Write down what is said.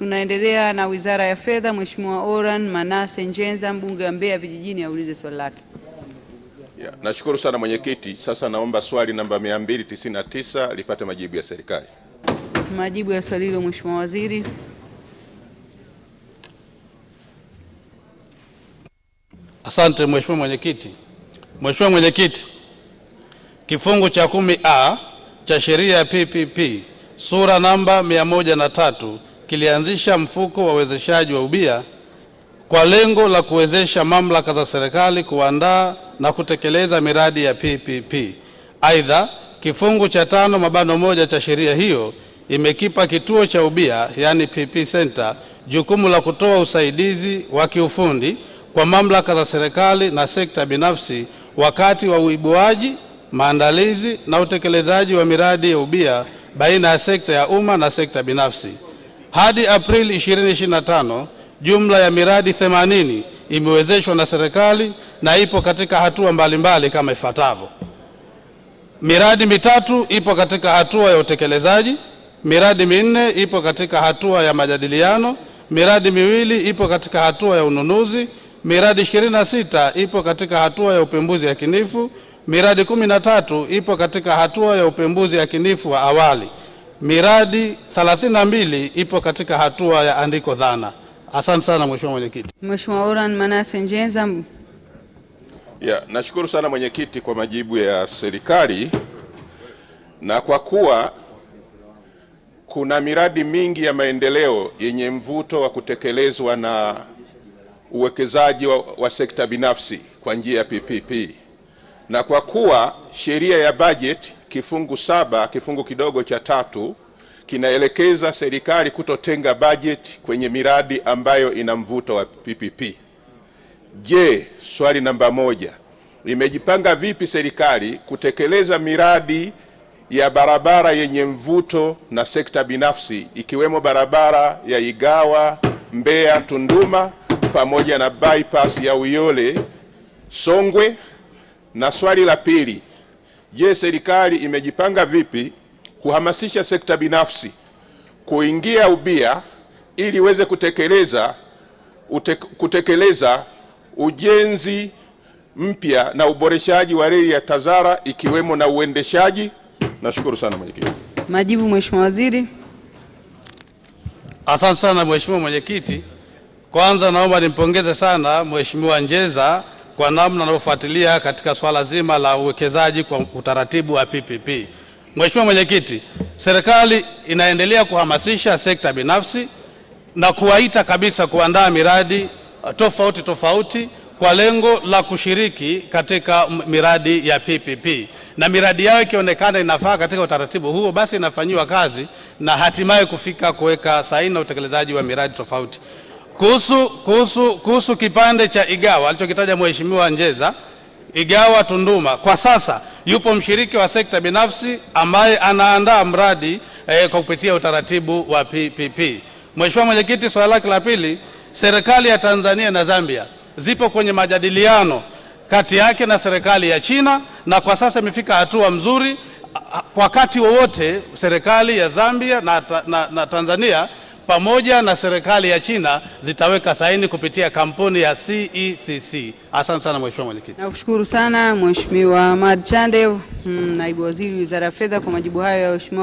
Tunaendelea na Wizara ya Fedha. Mheshimiwa Oran Manase Njenza, mbunge wa Mbeya Vijijini, aulize swali lake. Yeah, nashukuru sana mwenyekiti. Sasa naomba swali namba 299 lipate majibu ya serikali. Majibu ya swali hilo Mheshimiwa Waziri. Asante Mheshimiwa mwenyekiti. Mheshimiwa mwenyekiti, kifungu cha 10A cha sheria ya PPP sura namba 103 kilianzisha mfuko wa uwezeshaji wa ubia kwa lengo la kuwezesha mamlaka za serikali kuandaa na kutekeleza miradi ya PPP. Aidha, kifungu cha tano mabano moja cha sheria hiyo imekipa kituo cha ubia yani PP Center jukumu la kutoa usaidizi wa kiufundi kwa mamlaka za serikali na sekta binafsi wakati wa uibuaji, maandalizi na utekelezaji wa miradi ya ubia baina ya sekta ya umma na sekta binafsi. Hadi Aprili 2025 jumla ya miradi 80 imewezeshwa na serikali na ipo katika hatua mbalimbali mbali kama ifuatavyo. Miradi mitatu ipo katika hatua ya utekelezaji, miradi minne ipo katika hatua ya majadiliano, miradi miwili ipo katika hatua ya ununuzi, miradi 26 ipo katika hatua ya upembuzi yakinifu, miradi 13 ipo katika hatua ya upembuzi yakinifu wa awali miradi 32 ipo katika hatua ya andiko dhana. Asante sana Mheshimiwa Mwenyekiti. Mheshimiwa Oran Manase Njenza. Yeah, nashukuru sana mwenyekiti kwa majibu ya serikali, na kwa kuwa kuna miradi mingi ya maendeleo yenye mvuto wa kutekelezwa na uwekezaji wa, wa sekta binafsi kwa njia ya PPP, na kwa kuwa sheria ya bajeti kifungu saba kifungu kidogo cha tatu kinaelekeza serikali kutotenga bajeti kwenye miradi ambayo ina mvuto wa PPP. Je, swali namba moja, imejipanga vipi serikali kutekeleza miradi ya barabara yenye mvuto na sekta binafsi ikiwemo barabara ya Igawa Mbeya Tunduma pamoja na bypass ya Uyole Songwe? Na swali la pili, Je, serikali imejipanga vipi kuhamasisha sekta binafsi kuingia ubia ili iweze kutekeleza, kutekeleza ujenzi mpya na uboreshaji wa reli ya Tazara ikiwemo na uendeshaji. Nashukuru sana mwenyekiti. Majibu Mheshimiwa Waziri. Asante sana Mheshimiwa Mwenyekiti. Kwanza naomba nimpongeze sana Mheshimiwa Njeza kwa namna anavyofuatilia katika swala zima la uwekezaji kwa utaratibu wa PPP. Mheshimiwa Mwenyekiti, serikali inaendelea kuhamasisha sekta binafsi na kuwaita kabisa kuandaa miradi tofauti tofauti kwa lengo la kushiriki katika miradi ya PPP na miradi yao ikionekana inafaa katika utaratibu huo, basi inafanyiwa kazi na hatimaye kufika kuweka saini na utekelezaji wa miradi tofauti. Kuhusu, kuhusu, kuhusu kipande cha Igawa alichokitaja Mheshimiwa Njeza, Igawa Tunduma, kwa sasa yupo mshiriki wa sekta binafsi ambaye anaandaa mradi eh, kwa kupitia utaratibu wa PPP. Mheshimiwa Mwenyekiti, swala lake la pili, serikali ya Tanzania na Zambia zipo kwenye majadiliano kati yake na serikali ya China na kwa sasa imefika hatua mzuri. Wakati wowote serikali ya Zambia na, na, na Tanzania pamoja na serikali ya China zitaweka saini kupitia kampuni ya CECC. E Asante sana Mheshimiwa Mwenyekiti. Nakushukuru sana Mheshimiwa Ahmad Chande, mm, naibu waziri wizara ya fedha kwa majibu hayo ya Mheshimiwa